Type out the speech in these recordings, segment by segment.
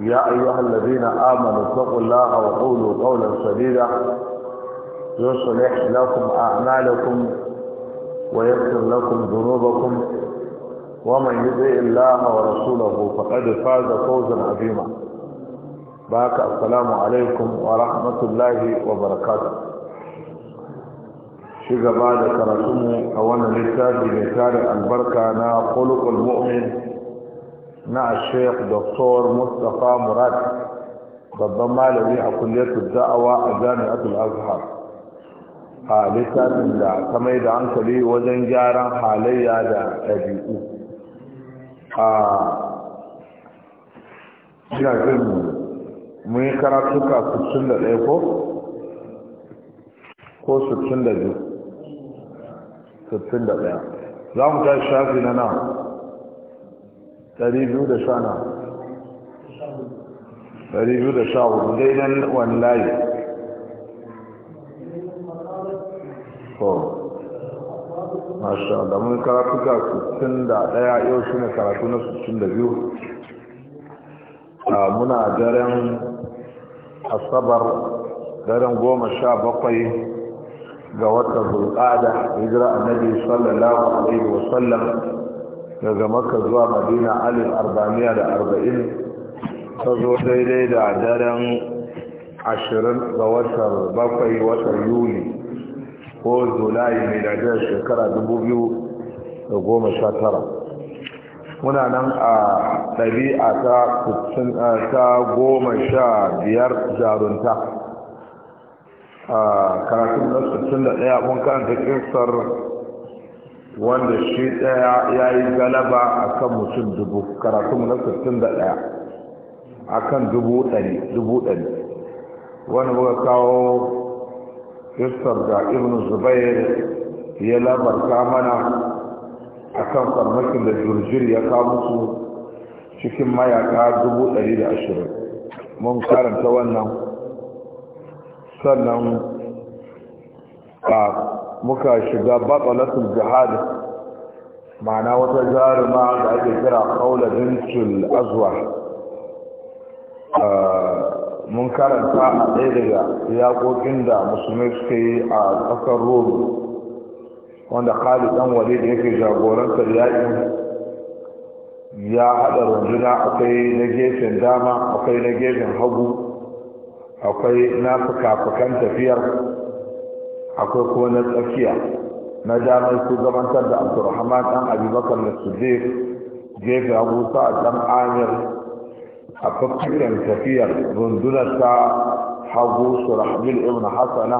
يا أيها الذين آمنوا اتقوا الله وقولوا قولا سديدا يصلح لكم أعمالكم ويغفر لكم ذنوبكم ومن يطع الله ورسوله فقد فاز فوزا عظيما باك السلام عليكم ورحمة الله وبركاته شيخ بعد كرسمه أولا للتاج بمثال البركة أنا خلق المؤمن na Sheikh Dr. Mustapha Murad babban malami a kulliyar da'awa a Jami'atul Azhar a littafin da ta mai da hankali wajen gyaran halayya da ɗabi'u a jiragin mu yi karatuka 61 ko? ko 62 61 za mu ta shafi na nan biyu da sha na ɗari biyu da sha wani layi masha da mun karatu 61 yau shi ne karatu na 62 a muna daren asabar daren goma sha bakwai ga watan hulƙada hijira annabi sallallahu alaihi wasallam daga maka zuwa madina alif arba'amiya da arba'in ta zo daidai da daren ashirin ga watan bakwai watan yuli ko julai mai dajiyar shekara dubu biyu da goma sha tara muna nan a ɗabi'a ta goma sha biyar jarunta a karatun na 61 mun karanta kirsar wanda shi ɗaya ya yi galaba a kan mutum dubu karatu na 61 a kan dubu ɗari dubu ɗari wanda kawo istar da ibn zubair ya labarta mana a kan farmakin da jirgin ya kawo musu cikin mayaka dubu ɗari da ashirin mun karanta wannan sannan ba. muka shiga batsalatul jihad ma'ana wata jaruma da ake kira kaula bintul azwa mun karanta a dai daga yaƙoƙin da musulmai suke yi a kasar rum wanda khalid dan Walid da yake jagorantar yaƙin ya hada runduna akai na gefen dama akai na gefen hagu akwai na fuka-fukan tafiyar akwai kuma na tsakiya na damar shugabantar da abdurrahman dan abubakar da siddiq gefe abu a dan amir a fafikin tafiyar rundunar ta hagu surahbil ibn hasana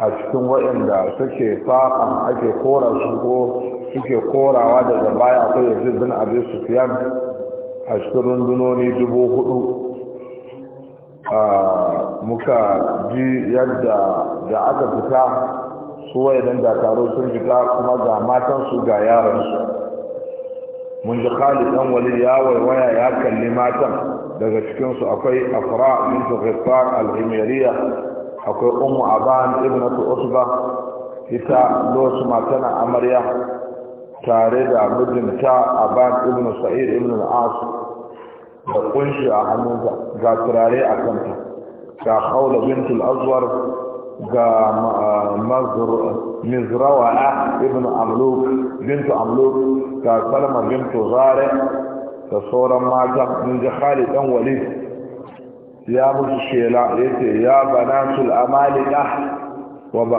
a cikin waɗanda suke faɗan ake kora su ko suke korawa daga baya akwai yanzu bin abin sufiyan a cikin rundunoni dubu hudu muka ji yadda da aka fita su da taro sun fita kuma ga matansu ga yaransu mun ji khalid dan wali ya waiwaya ya kalli matan daga cikinsu akwai afra bint ghiffar al akwai ummu aban ibnatu usba ita losu matan amarya tare da mijinta aban ibn sa'id ibn al da kunshi a hannunsa ga turare a kanta ga haula bintul azwar ga mizrawa ibn amluk bintu amluk ga salma bintu zare da sauran mata in ji khalid dan walid ya musu shela yace ya banatul amalika wa